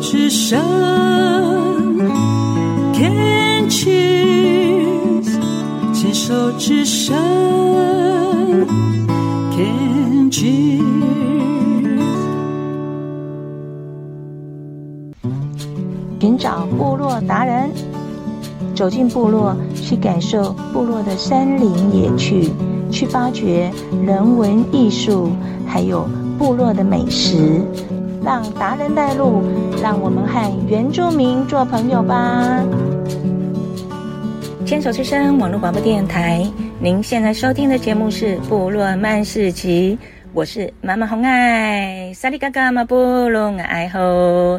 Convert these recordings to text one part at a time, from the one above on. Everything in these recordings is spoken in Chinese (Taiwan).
之之尋找部落達人，走進部落，去感受部落的山林野趣，去發掘人文藝術，還有部落的美食。讓達人帶路，讓我們和原住民做朋友吧。牽手之聲網絡廣播電臺，您現在收聽的節目是《部落漫市集》，我是媽媽紅愛。薩利嘎嘎嘛，部隆愛吼。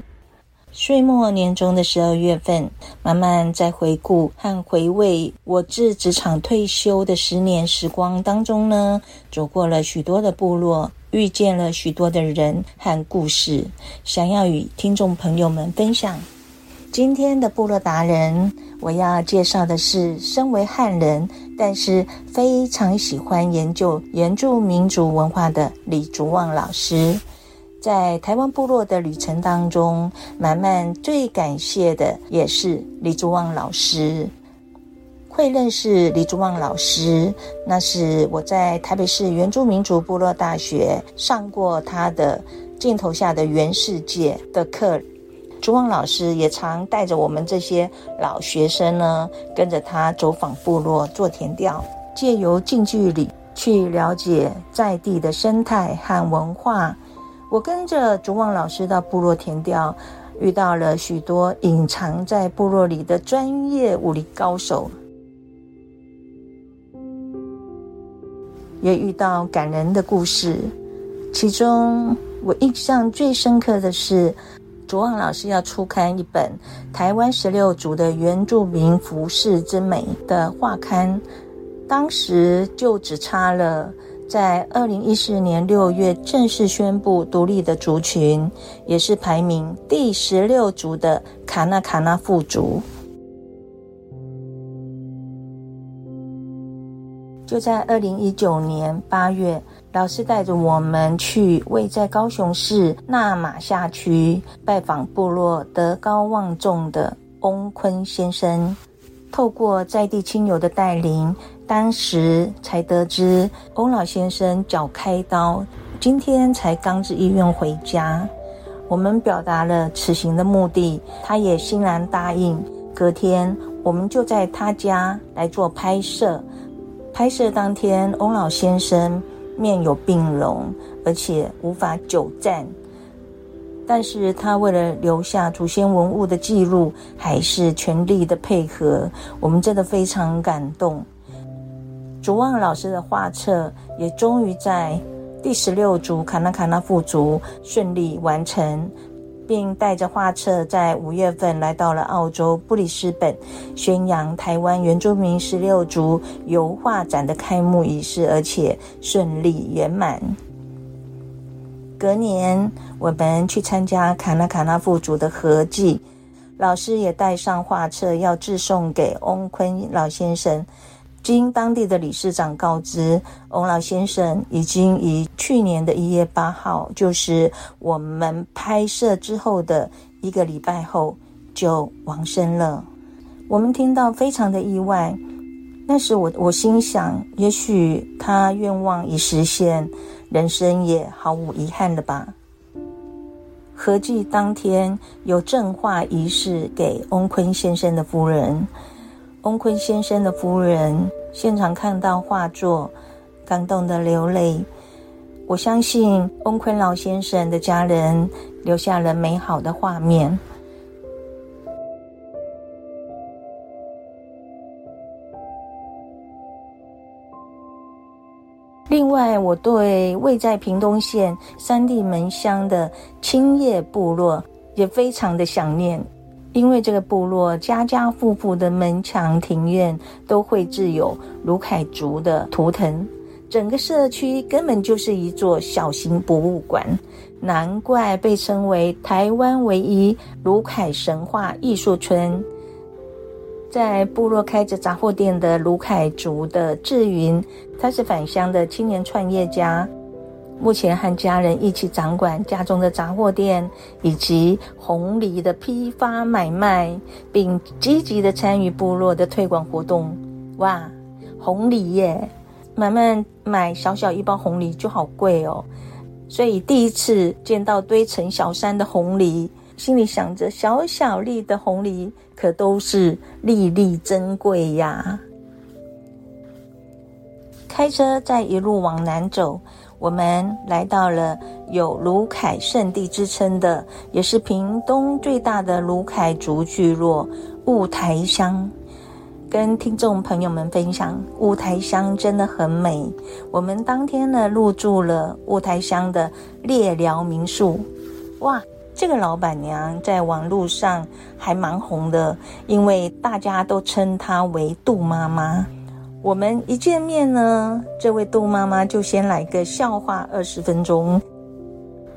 歲末年終的十二月份，慢慢在回顧和回味我自職場退休的十年時光當中呢，走過了許多的部落。遇見了許多的人和故事，想要與聽眾朋友們分享。今天的部落達人，我要介紹的是身為漢人，但是非常喜歡研究原住民族文化的李竹旺老師。在台灣部落的旅程當中，滿滿最感謝的也是李竹旺老師。會認識李竹旺老師，那是我在台北市原住民族部落大學上過他的鏡頭下的原世界的課。竹旺老師也常帶着我們這些老學生呢，跟着他走訪部落做田調，借由近距離去了解在地的生態和文化。我跟着竹旺老師到部落田調，遇到了許多隱藏在部落裡的專業武林高手。也遇到感人的故事，其中我印象最深刻的是竹旺老師要出刊一本台灣十六族的原住民服飾之美的畫刊，當時就只差了在二零一四年六月正式宣布獨立的族群，也是排名第十六族的卡納卡納富族。就在二零一九年八月，老師帶着我們去位在高雄市那馬夏區拜訪部落德高望重的翁坤先生。透過在地親友的帶領，當時才得知翁老先生腳開刀，今天才剛至醫院回家。我們表達了此行的目的，他也欣然答應。隔天，我們就在他家來做拍攝。拍攝當天，翁老先生面有病容，而且無法久站，但是他為了留下祖先文物的記錄，還是全力的配合，我們真的非常感動。竹旺老師的畫冊也終於在第十六族卡納卡納富族順利完成。並帶着畫冊，在五月份來到了澳洲布里斯本，宣揚台灣原住民十六族油畫展的開幕儀式，而且順利圓滿。隔年，我們去參加卡那卡那富族的合祭，老師也帶上畫冊，要致送給翁坤老先生。經當地的理事長告知，翁老先生已經於去年的一月八號，就是我們拍攝之後的一個禮拜後就往生了。我們聽到非常的意外，但是我我心想，也許他願望已實現，人生也毫無遺憾了吧。合計當天有正化儀式給翁坤先生的夫人。翁坤先生的夫人現場看到畫作，感動得流淚。我相信翁坤老先生的家人留下了美好的畫面。另外，我對位在屏東縣三地門鄉的青葉部落也非常的想念。因為這個部落家家戶戶的門牆庭院都繪制有魯凱族的圖騰，整個社區，根本就是一座小型博物館，難怪被稱為台灣唯一魯凱神話藝術村。在部落開着雜貨店的魯凱族的志云，他是返鄉的青年創業家。目前和家人一起掌管家中的雜貨店，以及紅藜的批發買賣，並積極的參與部落的推廣活動。哇，紅藜耶！滿滿，買小小一包紅藜就好貴哦，所以第一次見到堆成小山的紅藜，心裡想着：小小粒的紅藜，可都是粒粒珍貴呀。開車再一路往南走。我們來到了有魯凱聖地之稱的，也是屏東最大的魯凱族聚落霧臺鄉，跟聽眾朋友們分享霧臺鄉真的很美。我們當天呢，入住了霧臺鄉的獵寮民宿。哇，這個老闆娘在網路上還蠻紅的，因為大家都稱她為杜媽媽。我們一見面呢，這位杜媽媽就先來個笑話二十分鐘。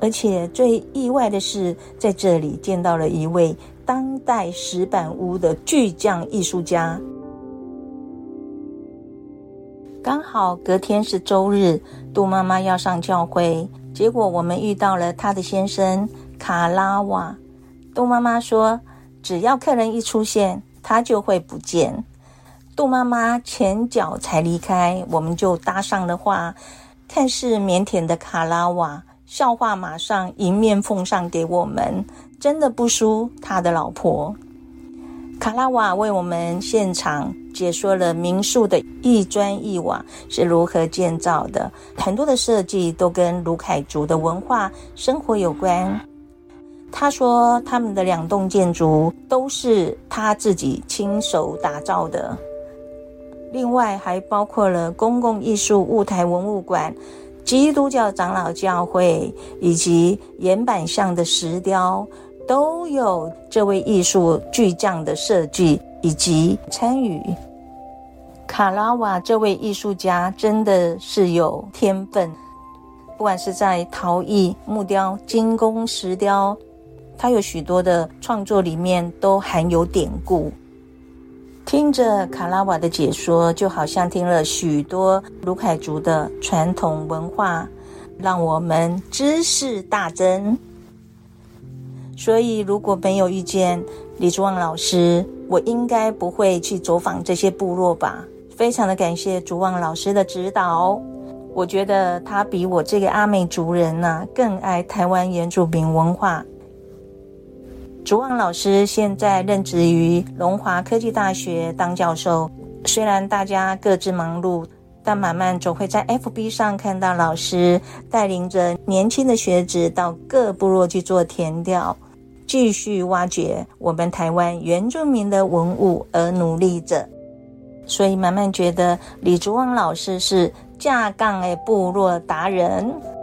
而且最意外的是，在這裡見到了一位當代石板屋的巨匠藝術家。剛好隔天是周日，杜媽媽要上教會，結果我們遇到了她的先生卡拉瓦。杜媽媽說，只要客人一出現，她就會不見。杜媽媽前腳才離開，我們就搭上了話。看似腼腆的卡拉瓦，笑話馬上迎面奉上給我們，真的不輸他的老婆。卡拉瓦為我們現場解說了民宿的一磚一瓦是如何建造的，很多的設計都跟魯凱族的文化生活有關。他說，他們的兩棟建築都是他自己親手打造的。另外還包括了公共藝術霧台文物館、基督教長老教會以及岩板像的石雕，都有這位藝術巨匠的設計以及參與。卡拉瓦這位藝術家真的是有天分，不管是在陶藝、木雕、金工、石雕，他有許多的創作裡面都含有典故。聽着卡拉瓦的解說，就好像聽了許多魯凱族的傳統文化，讓我們知識大增。所以如果沒有遇見李竹旺老師，我應該不會去走訪這些部落吧。非常的感謝竹旺老師的指導，我覺得他比我這個阿美族人吶、啊，更愛台灣原住民文化。竹旺老師現在任職於龍華科技大學當教授，雖然大家各自忙碌，但滿滿總會在 FB 上看到老師帶領着年輕的學子到各部落去做田調，繼續挖掘我們台灣原住民的文物而努力着。所以滿滿覺得李竹旺老師是架槓誒部落達人。